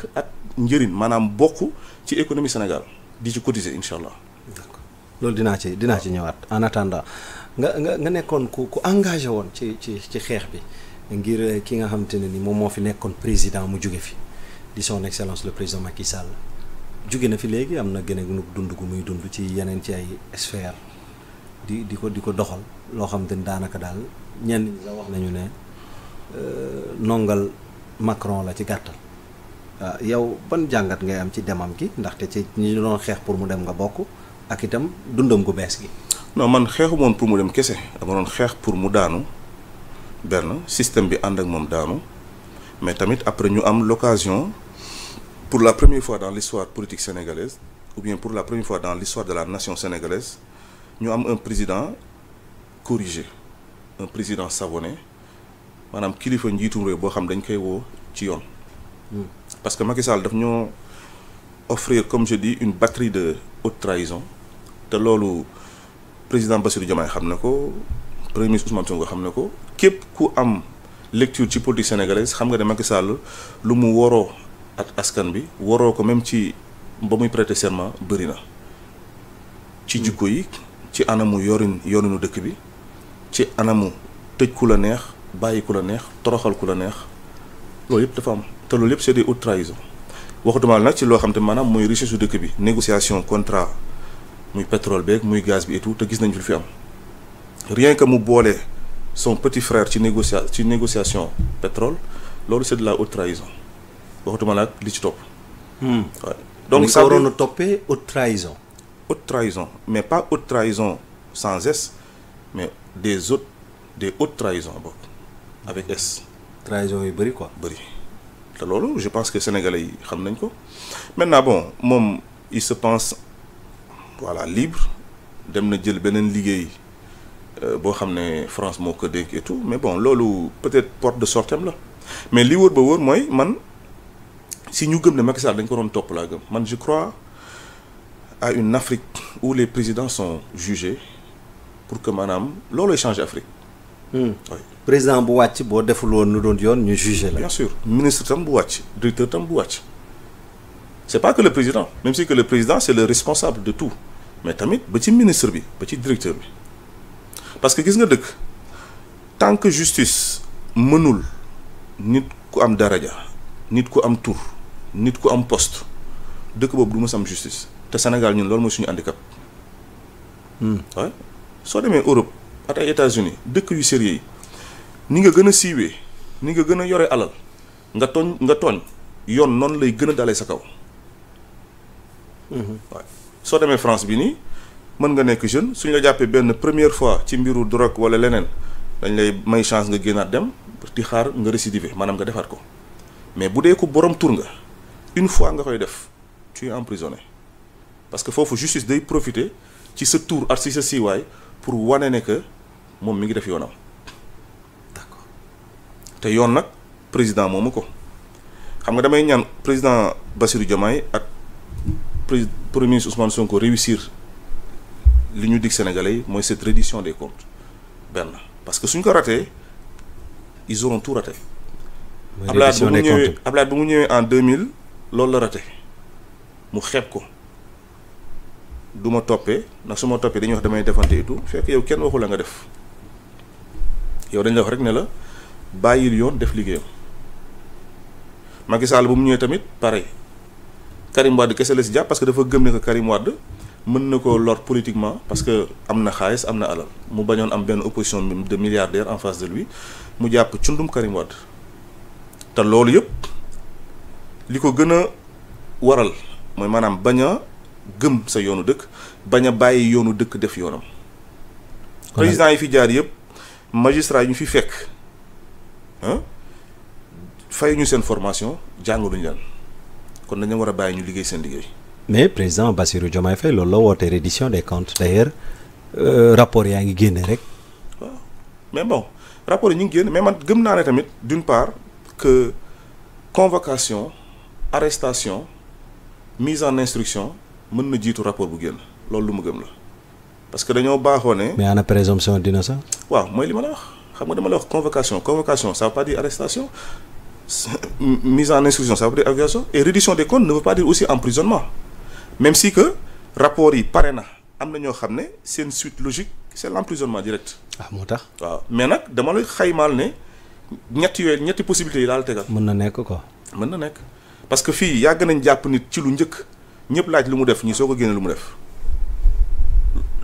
nekk ak njëriñ maanaam bokk ci économie Sénégal di ci cotiser incha loolu dinaa ci dinaa ci ñëwaat en attendant nga nga nga nekkoon ku ku engagé woon ci ci ci xeex bi ngir eh, ki nga xamante ne ni moom moo fi nekkoon président mu jóge fi di son excellence le président Macky Sall jóge na fi léegi am na gën a dund gu muy dund ci yeneen ci ay sphère di di ko di ko doxal loo xam ni daanaka daal ñenn ñi la wax nañu ne euh, nongal Macron la ci gàttal. Euh, yow ban jàngat ngay am ci demam gi ndaxte ci ñi doon xeex pour mu dem nga bokk ak itam dundam gu bees gi. no man xeexu moom pour mu dem kese dama doon xeex pour mu daanu benn système bi ànd ak moom daanu mais tamit après ñu am l'occasion pour la première fois dans l'histoire politique sénégalaise ou bien pour la première fois dans l'histoire de la nation sénégalaise ñu am un président corrigé un président savonné maanaam kilifa njiitum réew boo xam dañ koy woo ci yoon. Hmm. parce que Macky Sall daf ñoo offrir comme je dis une batterie de haute trahison te loolu président Bassirou Diomaye xam na ko premier ministre Ousmane Sonko xam ne ko képp ku am lecture ci politique sénégalaise xam nga de Macky Sall lu mu waroo ak askan bi waroo ko même ci ba muy prêter serment bëri na ci jikko yi ci anamu yorin yorinu dëkk bi ci anamu tëj ku la neex bàyyi ku la neex toroxal ku la neex loolu yëpp dafa am te loolu yëpp c'est des hautes trahisons waxatuma nag ci loo xam te maanaam muy richesse su dëkk bi négociation contrat muy pétrole beeg muy gaz bi et tout te gis nañ lu fi am rien que mu boole son petit frère ci négocia ci négociation pétrole loolu c'est de la haute trahison waxatuma nag li ci topp. Hmm. donc ça waroon a toppee haute trahison. haute trahison mais pas haute trahison sans S mais des hautes des hautes trahisons bokk avec S. trahison yu bëri quoi. bëri te loolu je pense que sénégalais yi xam nañ ko maintenant bon moom il se pense voilà libre dem na jël beneen liggéey euh, boo xam ne France moo ko dénk et tout mais bon loolu peut-être porte de sortie am la mais li wóor ba wóor mooy man si ñu gëm ne Macky dañ ko doon topp laa gëm man je crois à une Afrique où les présidents son jugés pour que maanaam loolooy changer Afrique. Hmm. président bu wàcc boo deful woon lu doon yoon ñu jugé la. bien sûr ministre tam bu wàcc directeur tam bu wàcc c' est pas que le président même si que le président c' est le responsable de tout mais tamit ba ci ministre bi ba ci directeur bi parce que gis nga dëkk tant que justice mënul nit ku am daraja nit ku am tour nit ku am post dëkk boobu du mës am justice te Sénégal ñun loolu mooy suñu handicap. waaye hmm. soo demee Europe ak ay États-Unis dëkk yu sérieux yi. ni nga gën a siiwee ni nga gën a yore alal nga tooñ nga tooñ yoon noonu lay gën a dalee sa kaw. waaw mm-hmm. soo demee France bi nii mën nga nekk jeune suñ la jàppee benn première fois ci mbiru drogue wala leneen dañ lay may chance nga génnaat dem di xaar nga récidiver maanaam nga defaat ko mais bu dee ko borom tur nga une fois nga koy def tu es emprisonné parce que foofu justice day profiter ci sa tour at si sa siiwaay pour wane ne que moom mi ngi def yoonam. te yoon nag président moom moomu ko xam nga damay ñaan président bassiru Diomaye ak pré premier ministre Ousmane Sonko réussir li ñu dig sénégalais mooy cette reddition des comptes benn parce que suñ ko raté ils auront tout raté. Ablaye bu mu ñëwee Ablaye bu mu ñëwee en 2000 loolu la raté mu xeeb ko. du ma toppee ndax su ma toppee dañuy wax damay defante et tout fekk yow kenn waxu la nga def yow dañ la wax rek ne la bàyyil yoon def liggéeyam Macky Sall bu mu ñëwee tamit pareil Karim Wade kese les si jàpp parce que dafa gëm ne que Karim Wade mën na ko lor politiquement parce que am na xaalis am na alal mu bañoon am benn opposition de milliardaire en face de lui mu jàpp cundum Karim te loolu yëpp li ko gën a waral mooy maanaam bañ a gëm sa yoonu dëkk bañ a bàyyi yoonu dëkk def yoonam président yi fi jaar yëpp magistrat yi ñu fi fekk ah ñu seen formation jàngaluñ leen kon nañu war a bàyyi ñu liggéey seen liggéey. mais président Bassirou Diomaye Faye loolu la woote reddition des comptes d'ailleurs euh, rapport yaa ngi génne rek. mais bon rapport yi ñu ngi génn mais man gëm naa ne tamit d'une part que convocation arrestation mise en instruction mën na jiitu rapport bu génn loolu lu ma gëm la parce que dañoo baaxoo ne. mais ana présomption d'innocence. waaw mooy li ma la wax. xam nga dama la wax convocation convocation ça veut pas dire arrestation mise en instruction ça veut dire aviation et réduction des comptes ne pas dire aussi emprisonnement même si que rapport yi pare na am na ñoo xam ne seen suite logique c' est l' emprisonnement direct. ah moo tax waaw mais nag dama lay xaymaal ne ñetti yooyu ñetti possibilités yi daal tegal. mën na nekk ko mën na nekk parce que fii yàgg nañ jàpp nit ci lu njëkk ñëpp laaj lu mu def ñi soo ko génne lu mu def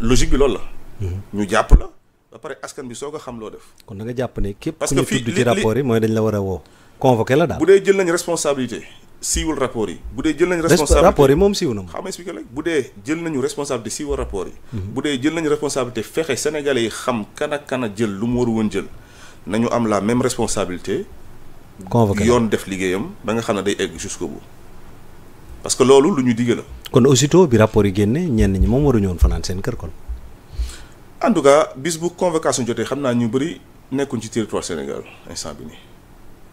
logique bi loolu la. Mhm. jàpp la. ba pare askan bi soo ko xam loo def. kon da nga jàpp ne képp ku ñu tudd ci rapport yi mooy dañ la war a woo convoqué la daal. bu dee jël nañ responsabilité siiwul rapport yi. bu dee jël nañ responsabilité rapport yi moom siiw na moom. xam nga expliqué la bu dee jël nañu responsabilité siiwul rapport yi. Mhm. bu dee jël nañ responsabilité fexe sénégalais yi xam kan ak kan jël lu mu war woon jël nañu am la même responsabilité. convoqué yoon def liggéeyam ba nga xam ne day egg jusqu'au ko parce que loolu lu ñu digg la. kon aussitôt bi rapport yi génne ñenn ñi moom waruñu woon fanaan seen kër kon en tout cas bis bu convocation jotee xam naa ñu bëri nekkuñ ci territoire Sénégal instant bi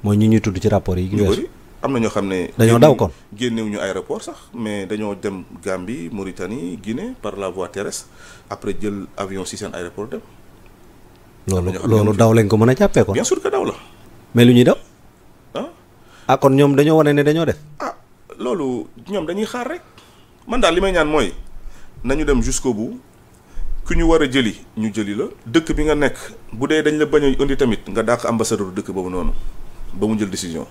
mooy ñi ñuy tudd ci rapport yi. ñu bëri am na ñoo xam ne. dañoo daw kon génnewuñu aéroport sax mais dañoo dem Gambie Mauritanie Guinée par la voie terrestre après jël avion si seen aéroport dem. loolu loolu daw lañ ko mën a jàppee kon. bien sûr que daw la. mais lu ñuy daw. ah kon ñoom dañoo wane ne dañoo def. ah loolu ñoom dañuy xaar rek man daal li may ñaan mooy nañu dem jusqu'au bout. ki ñu war a jëli ñu jëli la dëkk bi nga nekk bu dee dañ la bañ a indi tamit nga dàq ambassadeur dëkk boobu noonu ba mu jël décision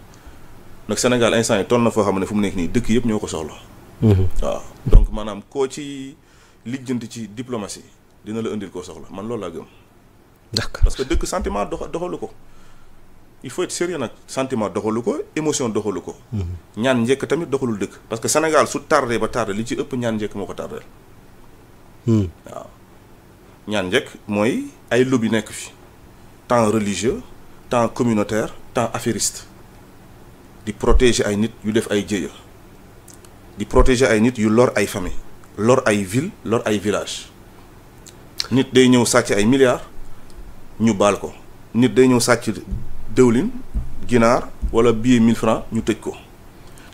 nag Sénégal instant yi toll na foo xam ne fu mu nekk nii dëkk yëpp ñoo ko soxla. Mhm. waaw donc maanaam koo ci lijjanti ci diplomatie dina la indil koo soxla man loolu laa gëm. d'accord parce que dëkk sentiment dox doxalu ko. il faut être nag sentiment doxalu ko émotion doxalu ko. Mhm. ñaan njekk tamit doxalul dëkk. parce que Sénégal su tardé ba tardé li ci ëpp ñaan njëkk moo ko tardé. Mhm. waaw. ñaan njëkk mooy ay lobby nekk fi tant religieux tant communautaire tant affairiste di protégé ay nit yu def ay jéeya di protégé ay nit yu lor ay famille lor ay ville lor ay village nit day ñëw sàcc ay milliards ñu baal ko nit day ñëw sàcc dëwlin ginaar wala billet 1000 francs ñu tëj ko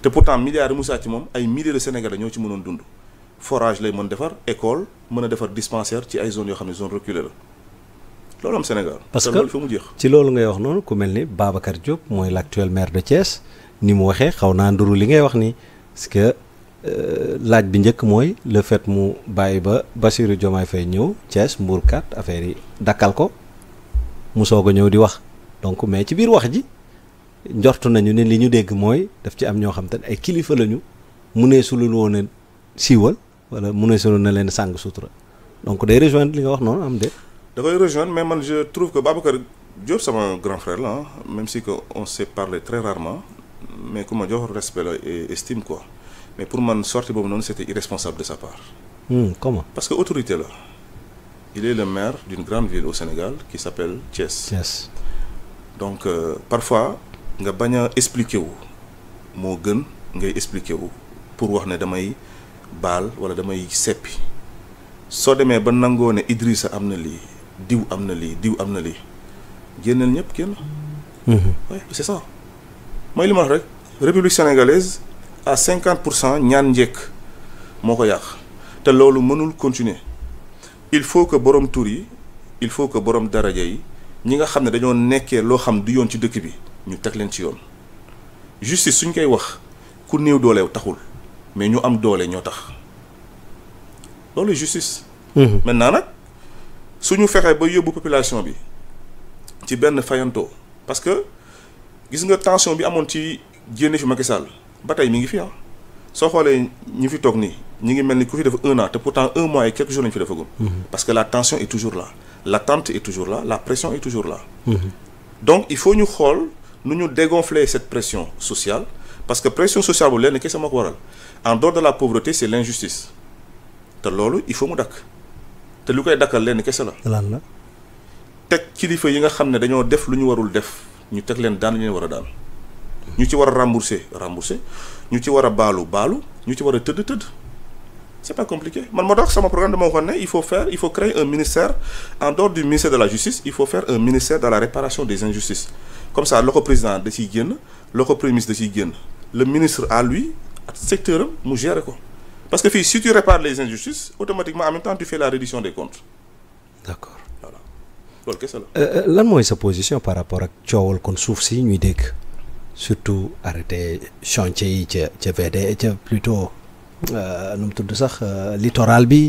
te pourtant milliards yi mu sàcc moom ay milliers de sénégalais ñoo ci mënoon dund forage lay mën defar école mën a defar dispensaire ci ay zones yoo xam ne zone reculée la loolu am Sénégal. parce que fi mu jeex ci loolu ngay wax noonu ku mel ni Babacar Diop mooy l'actuel maire de Thiès ni mu waxee xaw naa nduru li ngay wax ni parce que euh, laaj bi njëkk mooy le fait mu bàyyi ba Bassirou Diomaye Faye ñëw Thiès Mbour 4 affaire yi dakkal ko mu soog a ñëw di wax donc mais ci biir wax ji njortu nañu ne li ñu dégg mooy daf ci am ñoo xam te ay kilifa lañu mu ne su lu woon siiwal. wala mu ne solo na leen sàng sutura donc day rejoindre li nga wax noonu am de da koy rejoindre mais man je trouve que Babacar Diop sama grand frère la même si que on s'est parlé très rarement mais ku ma jox respect la et estime quoi mais pour man sortie boobu noonu c'était irresponsable de sa part mmh, comment parce que autorité la il est le maire d'une grande ville au Sénégal qui s'appelle Thiès yes. donc euh, parfois nga bañ a expliquer wu moo gën ngay expliquer wu pour wax ne damay baal wala damay seppi soo demee ba nangoo ne Idrissa am na lii diw am na lii diw am na lii génneel ñëpp génn. Mhm. oui c'est ça mooy li rek république sénégalaise à cinquante pour cent ñaan njekk moo ko yàq te loolu mënul continuer il faut que borom tur yi il faut que borom daraja yi ñi nga xam ne dañoo nekkee loo xam du yoon ci dëkk bi ñu teg leen ci yoon justice suñ koy wax ku néew dooleew taxul. mais ñu am doole ñoo tax loolu justice. maintenant nag suñu fexee ba yóbbu population bi ci benn fayanto parce que gis nga tension bi amoon ci génne fi Macky Sall ba tey mi ngi fi ah soo xoolee ñi fi toog nii ñi ngi mel ni ku fi def un an te pourtant un mois et quelques jours lañu fi defagum. parce que la tension est toujours là tent est toujours là la pression est toujours là. donc il faut ñu xool nu ñu dégonfler cette pression sociale. parce que pression sociale bu lenn kese moo ko waral en dehors de la pauvreté c'est l'injustice te loolu il faut mu dakk te lu koy dakkal lenn kese la. lan la. teg kilifa yi nga xam ne dañoo def lu ñu warul def ñu teg leen daan lu ñu war a daan ñu ci war a rembourser rembourser ñu ci war a baalu baalu ñu ci war a tëdd tëdd c'est pas compliqué man moo tax sama programme dama waxoon ne il faut faire il faut créer un ministère en dehors du ministère de la justice il faut génn loxo premier ministre da génn. le ministre à lui ak secteur mu gérer ko parce que fii si tu répares les injustices automatiquement en même temps tu fais la reddition des comptes. voilà loolu kese euh, euh, lan mooy sa position par rapport ak coowal kon suuf si ñuy dégg surtout arrêté chantier yi ca ca VD ca plutôt euh, nu mu tudd sax littoral bi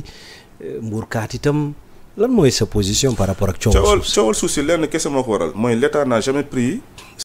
mbuurkaat itam lan mooy sa position par rapport ak. coowal suuf si si lenn kese moo ko waral mooy l'État n'a jamais pris.